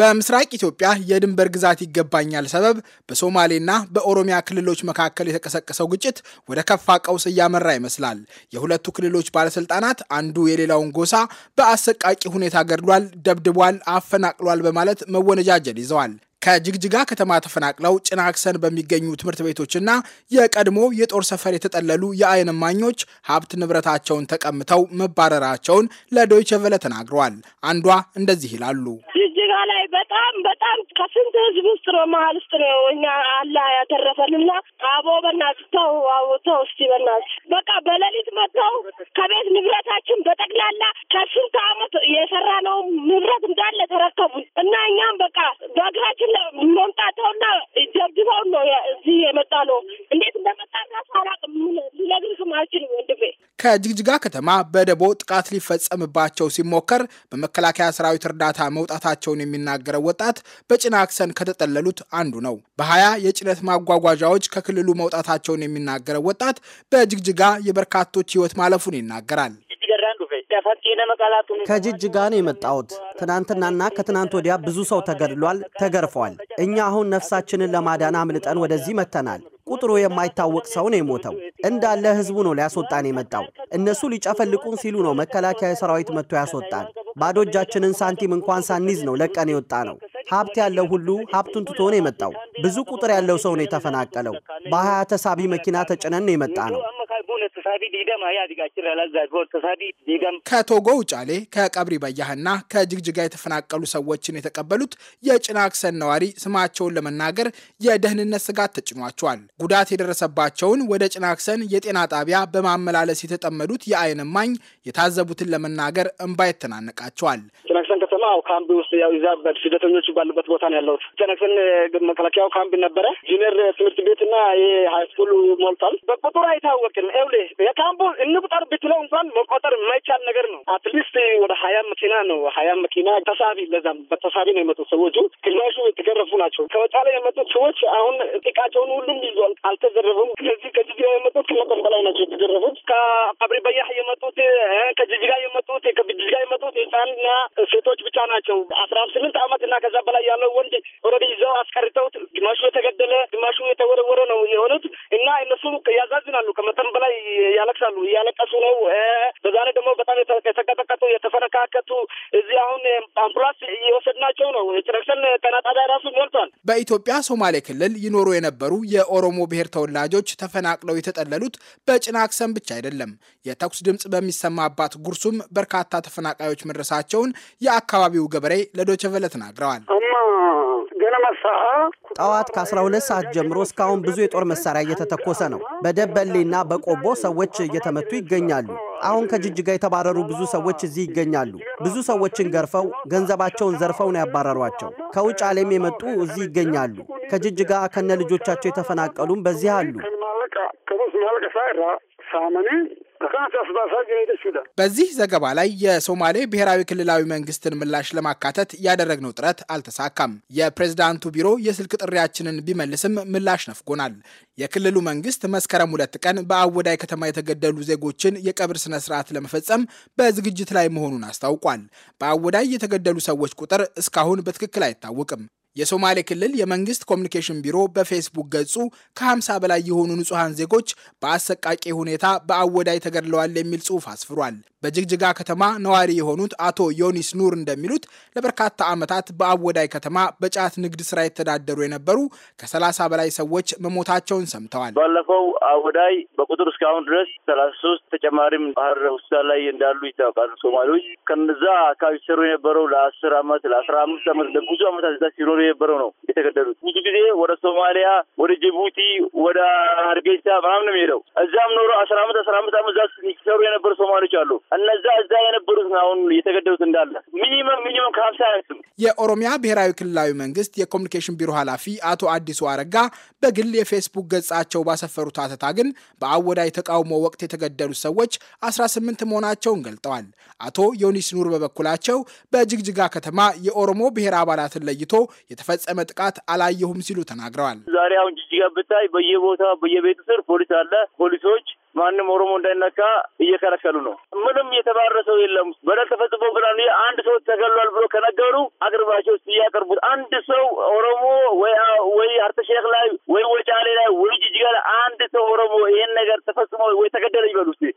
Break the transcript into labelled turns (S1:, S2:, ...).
S1: በምስራቅ ኢትዮጵያ የድንበር ግዛት ይገባኛል ሰበብ በሶማሌና በኦሮሚያ ክልሎች መካከል የተቀሰቀሰው ግጭት ወደ ከፋ ቀውስ እያመራ ይመስላል። የሁለቱ ክልሎች ባለስልጣናት አንዱ የሌላውን ጎሳ በአሰቃቂ ሁኔታ ገድሏል፣ ደብድቧል፣ አፈናቅሏል በማለት መወነጃጀል ይዘዋል። ከጅግጅጋ ከተማ ተፈናቅለው ጭናክሰን በሚገኙ ትምህርት ቤቶችና የቀድሞ የጦር ሰፈር የተጠለሉ የዓይን እማኞች ሀብት ንብረታቸውን ተቀምተው መባረራቸውን ለዶይቸ ቨለ ተናግረዋል። አንዷ እንደዚህ ይላሉ።
S2: እጅጋ ላይ በጣም በጣም ከስንት ህዝብ ውስጥ ነው መሀል ውስጥ ነው እኛ አላ ያተረፈንና አቦ በእናትህ ተው አውተው እስቲ በእናትህ በቃ በሌሊት መጥተው ከቤት ንብረታችን በጠቅላላ ከስንት አመት የሰራ ነው ንብረት እንዳለ ተረ
S1: ከጅግጅጋ ከተማ በደቦ ጥቃት ሊፈጸምባቸው ሲሞከር በመከላከያ ሰራዊት እርዳታ መውጣታቸውን የሚናገረው ወጣት በጭናክሰን ከተጠለሉት አንዱ ነው። በሀያ የጭነት ማጓጓዣዎች ከክልሉ መውጣታቸውን የሚናገረው ወጣት በጅግጅጋ የበርካቶች ሕይወት ማለፉን ይናገራል። ከጅጅጋ ነው የመጣሁት። ትናንትናና ከትናንት ወዲያ ብዙ
S3: ሰው ተገድሏል፣ ተገርፏል። እኛ አሁን ነፍሳችንን ለማዳን አምልጠን ወደዚህ መጥተናል። ቁጥሩ የማይታወቅ ሰው ነው የሞተው። እንዳለ ህዝቡ ነው ሊያስወጣን የመጣው። እነሱ ሊጨፈልቁን ሲሉ ነው መከላከያ ሰራዊት መጥቶ ያስወጣን። ባዶ እጃችንን ሳንቲም እንኳን ሳንይዝ ነው ለቀን የወጣ ነው። ሀብት ያለው ሁሉ ሀብቱን ትቶ ነው የመጣው። ብዙ ቁጥር ያለው ሰው ነው የተፈናቀለው። በሀያ
S1: ተሳቢ መኪና ተጭነን ነው የመጣ ነው። ከቶጎ ውጫሌ ከቀብሪ በያህና ከጅግጅጋ የተፈናቀሉ ሰዎችን የተቀበሉት የጭናክሰን ነዋሪ ስማቸውን ለመናገር የደህንነት ስጋት ተጭኗቸዋል። ጉዳት የደረሰባቸውን ወደ ጭናክሰን የጤና ጣቢያ በማመላለስ የተጠመዱት የአይን እማኝ የታዘቡትን ለመናገር እንባ ይተናነቃቸዋል።
S2: ጭናክሰን ከተማ ያው ካምቢ ውስጥ ያው ይዛበድ ስደተኞች ባሉበት ቦታ ነው ያለሁት። ጭናክሰን መከላከያው ካምቢ ነበረ። ጂነር ትምህርት ቤትና ይሄ ሃይስኩል ሞልቷል። በቁጥር አይታወቅም። ኤውሌ የካምቦ እንቁጠር ብትለው እንኳን መቆጠር የማይቻል ነገር ነው። አትሊስት ወደ ሀያ መኪና ነው ሀያ መኪና ተሳቢ፣ ለዛም በተሳቢ ነው የመጡት ሰዎቹ። ግማሹ የተገረፉ ናቸው። ከወጫ ላይ የመጡት ሰዎች አሁን ጥቃቸውን ሁሉም ይዟል፣ አልተዘረፉም። ከዚህ ከጅጅጋ የመጡት ከመጠን በላይ ናቸው የተገረፉት። ከአብሪ በያህ የመጡት ህጻንና ሴቶች ብቻ ናቸው። አስራ ስምንት አመት እና ከዛ በላይ ያለው ወንድ ኦልሬዲ ይዘው አስቀርተውት ግማሹ የተገደለ ግማሹ የተወረወረ ነው የሆኑት እና እነሱ ያዛዝናሉ። ከመጠን በላይ ያለቅሳሉ። እያለቀሱ ነው። በዛሬ ደግሞ በጣም የተቀጠቀጡ የተፈነካከቱ እዚህ አሁን አምቡላንስ እየወሰድናቸው ነው። ጭረክሰን ጤና ጣቢያ ራሱ
S1: በኢትዮጵያ ሶማሌ ክልል ይኖሩ የነበሩ የኦሮሞ ብሔር ተወላጆች ተፈናቅለው የተጠለሉት በጭናክሰን ብቻ አይደለም። የተኩስ ድምፅ በሚሰማባት ጉርሱም በርካታ ተፈናቃዮች መድረሳቸውን የአካባቢው ገበሬ ለዶቸቨለ ተናግረዋል። ጠዋት ከ12 ሰዓት ጀምሮ እስካሁን ብዙ የጦር መሳሪያ
S3: እየተተኮሰ ነው። በደበሌና በቆቦ ሰዎች እየተመቱ ይገኛሉ። አሁን ከጅጅጋ የተባረሩ ብዙ ሰዎች እዚህ ይገኛሉ። ብዙ ሰዎችን ገርፈው ገንዘባቸውን ዘርፈው ነው ያባረሯቸው። ከውጭ ዓለም የመጡ እዚህ ይገኛሉ። ከጅጅጋ ከነ ልጆቻቸው የተፈናቀሉም በዚህ አሉ።
S1: በዚህ ዘገባ ላይ የሶማሌ ብሔራዊ ክልላዊ መንግስትን ምላሽ ለማካተት ያደረግነው ጥረት አልተሳካም። የፕሬዝዳንቱ ቢሮ የስልክ ጥሪያችንን ቢመልስም ምላሽ ነፍጎናል። የክልሉ መንግስት መስከረም ሁለት ቀን በአወዳይ ከተማ የተገደሉ ዜጎችን የቀብር ስነ ስርዓት ለመፈጸም በዝግጅት ላይ መሆኑን አስታውቋል። በአወዳይ የተገደሉ ሰዎች ቁጥር እስካሁን በትክክል አይታወቅም። የሶማሌ ክልል የመንግስት ኮሚኒኬሽን ቢሮ በፌስቡክ ገጹ ከ50 በላይ የሆኑ ንጹሐን ዜጎች በአሰቃቂ ሁኔታ በአወዳይ ተገድለዋል የሚል ጽሑፍ አስፍሯል። በጅግጅጋ ከተማ ነዋሪ የሆኑት አቶ ዮኒስ ኑር እንደሚሉት ለበርካታ ዓመታት በአወዳይ ከተማ በጫት ንግድ ስራ የተዳደሩ የነበሩ ከሰላሳ በላይ ሰዎች መሞታቸውን ሰምተዋል።
S4: ባለፈው አወዳይ በቁጥር እስካሁን ድረስ ሰላሳ ሶስት ተጨማሪም ባህር ሆስፒታል ላይ እንዳሉ ይታወቃሉ። ሶማሌዎች ከነዛ አካባቢ ሲሰሩ የነበረው ለአስር አመት ለአስራ አምስት አመት ለብዙ አመታት እዛ ሲኖሩ የነበረው ነው የተገደሉት። ብዙ ጊዜ ወደ ሶማሊያ፣ ወደ ጅቡቲ፣ ወደ ሀርጌሳ ምናምን ነው የሚሄደው። እዛም ኖሮ አስራ አመት አስራ አምስት አመት እዛ ሲሰሩ የነበሩ ሶማሌዎች አሉ። እነዛ እዛ የነበሩት አሁን የተገደሉት እንዳለ ሚኒመም ሚኒመም ከሀምሳ
S1: አያንስም። የኦሮሚያ ብሔራዊ ክልላዊ መንግስት የኮሚኒኬሽን ቢሮ ኃላፊ አቶ አዲሱ አረጋ በግል የፌስቡክ ገጻቸው ባሰፈሩት አተታ ግን በአወዳይ ተቃውሞ ወቅት የተገደሉት ሰዎች አስራ ስምንት መሆናቸውን ገልጠዋል። አቶ ዮኒስ ኑር በበኩላቸው በጅግጅጋ ከተማ የኦሮሞ ብሔር አባላትን ለይቶ የተፈጸመ ጥቃት አላየሁም ሲሉ ተናግረዋል።
S4: ዛሬ አሁን ጅጅጋ ብታይ በየቦታ በየቤቱ ስር ፖሊስ አለ ፖሊሶች ማንም ኦሮሞ እንዳይነካ እየከለከሉ ነው። ምንም የተባረረ ሰው የለም። በደል ተፈጽሞ ተፈጽሞብናል አንድ ሰው ተገሏል ብሎ ከነገሩ አቅርባቸው እያቀርቡት አንድ ሰው ኦሮሞ ወይ አርተሼክ ላይ ወይ ወጫሌ ላይ ወይ ጅጅጋ ላይ አንድ ሰው ኦሮሞ ይሄን ነገር ተፈጽሞ ወይ ተገደለ ይበሉ